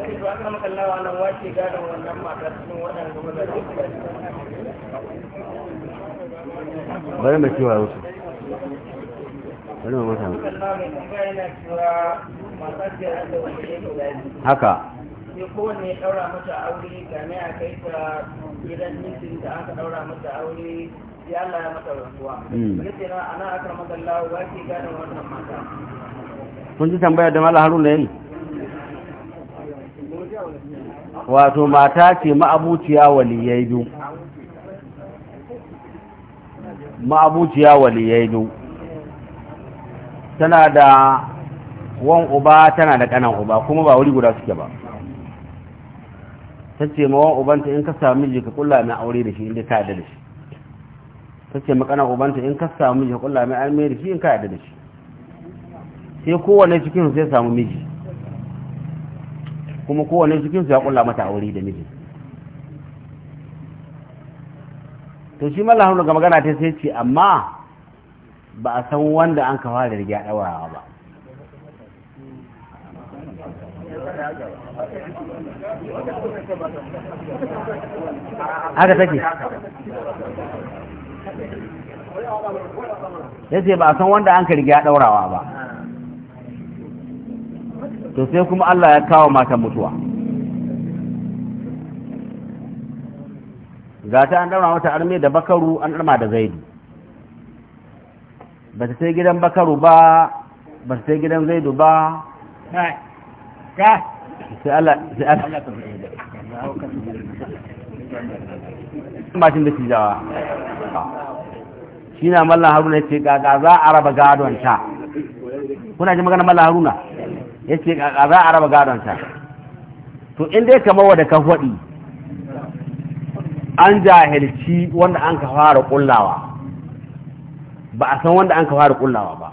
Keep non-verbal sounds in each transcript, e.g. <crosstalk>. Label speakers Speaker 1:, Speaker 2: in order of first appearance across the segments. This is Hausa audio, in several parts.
Speaker 1: suke to an kama bari da haka sai kowanne ya ɗaura mata aure ne a kai ta gidan nisin da aka ɗaura mata aure ya Allah ya mata rasuwa na hmm. ana aka wannan mata kun
Speaker 2: ji tambaya da mala harun
Speaker 1: wato mata ce
Speaker 2: ma'abuciya waliyai biyu ma'abuciya waliyai biyu tana da wan uba tana da kanan uba kuma ba wuri guda suke ba ta ce ma wan ubanta in ka sami miji ka kulla mai aure da shi inda ka yadda da shi ta ce ma kanan ubanta in ka sami miji ka kulla mai aure da shi in ka yadda da shi sai kowane cikin sai samu miji kuma kowane cikin su ya kulla mata aure da miji to shi mallah hannu ga magana ta sai ce amma ba a san wanda an kawo da rigya ɗaurawa ba haka take ya ce ba a san wanda an ka rigya daurawa ba
Speaker 1: to sai kuma Allah ya kawo
Speaker 2: mata mutuwa ga ta an daura mata arme da bakaru an arma da zaidu ba ta sai gidan bakaru ba ba ta sai gidan zaidu ba
Speaker 1: ka sai Allah sai Allah mashin da tijawa
Speaker 2: shi na mallan haruna ce ga za a raba gadon ta
Speaker 1: kuna ji magana mallan
Speaker 2: haruna yace a za a raba gadon ta to in dai kamar wadda ka an jahilci wanda an ka fara kullawa ba a san wanda an ka fara kullawa ba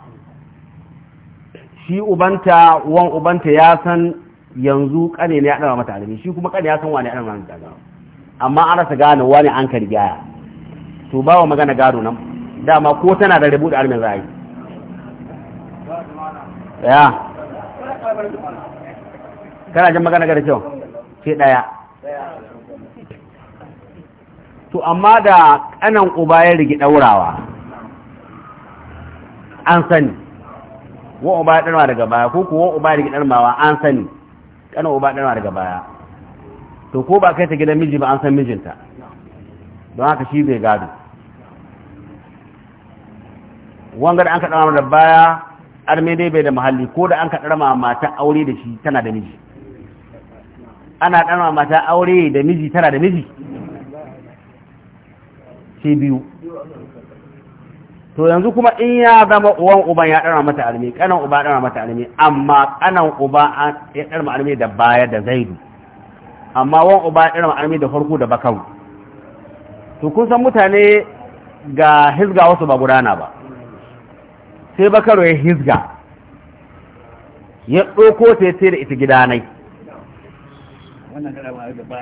Speaker 2: shi ubanta wan ubanta ya san yanzu kane ne ya dama mata alimi shi kuma kane ya san wani ya dama mata amma an rasa gane wani an ka rigaya to ba wa magana gado nan dama ko tana da rubuta almin za a ya
Speaker 1: kana jin magana da kyau ke ɗaya
Speaker 2: to amma da ƙanan uba ya rigi ɗaurawa an sani wa uba ya ɗanwa daga baya ko kuwa uba ya rigi ɗanmawa an sani ƙanan uba ɗanwa daga baya to ko ba kai ta gidan miji ba an san mijinta don haka shi bai gado wangar an kaɗa da baya arme dai bai da muhalli ko da an ka ɗarma mata aure da shi tana da miji ana ɗarma mata aure da miji tana da miji sai biyu to yanzu kuma in ya zama uwan uban ya ɗarma mata arme ƙanan uba ɗarma mata arme amma ƙanan uba ya ɗarma arme da baya da zaidu amma wan uba ya ɗarma arme da farko da bakaru to kun san mutane ga hisga wasu ba gudana ba sai bakaro ya hizga ya ɗauko ta ce da ita gidanai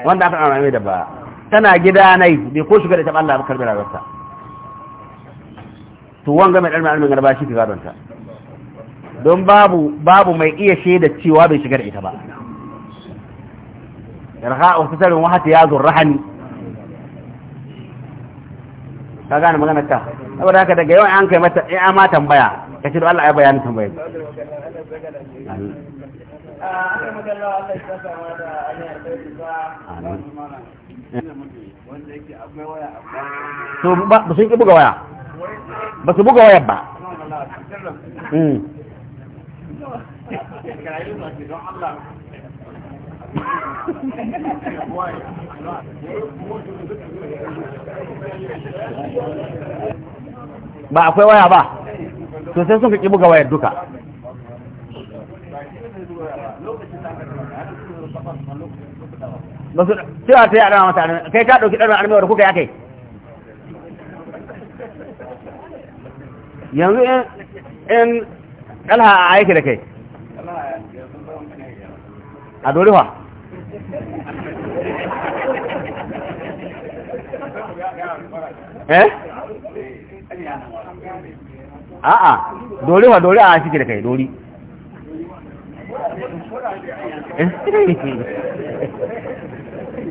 Speaker 2: wanda aka ɗaura mai da ba tana gidanai bai ko shiga da taɓa Allah bakar da rarrasa to wanga mai ɗarmi almin garba shi fi gadonta don babu babu mai iya shaida cewa bai shiga da ita ba yarha wasu sarin wahata ya zo rahani ka gane magana ta saboda haka daga yau an kai mata tambaya ka ce Allah ya bayani tambayar so ba su yi buga waya
Speaker 1: ba su buga waya ba Thank hmm. you.
Speaker 2: ba akwai waya ba to sai sun kaki buga wayar duka ba su cewa ta yi adama mutane kai ka ɗauki ɗarin da kuka ya kai yanzu in ɗalha a aiki da kai a doriwa eh a'a dori wa dori a shi da kai dori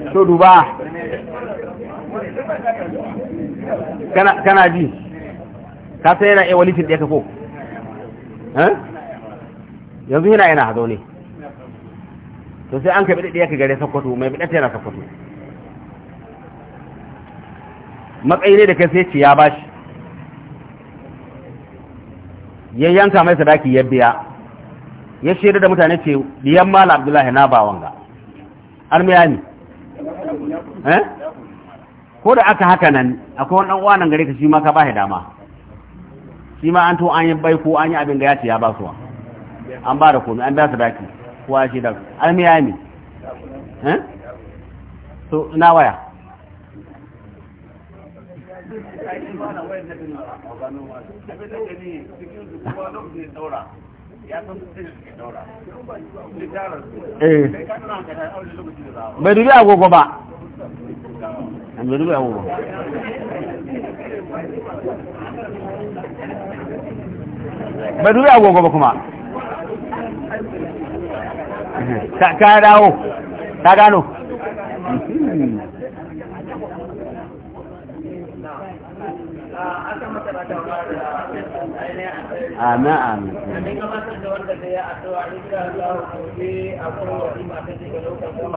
Speaker 1: <laughs> to duba kana ji
Speaker 2: ka sai yana iya walitin ɗaya ka ko eh? yanzu yana yana hazo ne to sai an ka biɗi ɗaya ka gare sakwato mai biɗata yana sakwato matsayi ne da kai sai ce ya bashi ya yanka mai sadaki ya biya ya shaida da mutane ce diyan mala abdullahi na ba wanga armiya ne eh? ko da aka haka nan akwai wani uwa nan gare ka shi ma ka ba dama shi ma an to an yi bai ko an yi abin da ya ce ya ba suwa an ba da komai an biya sadaki ko ya shaida armiya ne eh? so ina waya
Speaker 1: Eh. bai
Speaker 2: dubi agogo ba bai dubi agogo
Speaker 1: bai dubi agogo ba kuma ka <laughs> dawo ta gano Ana amin. gobe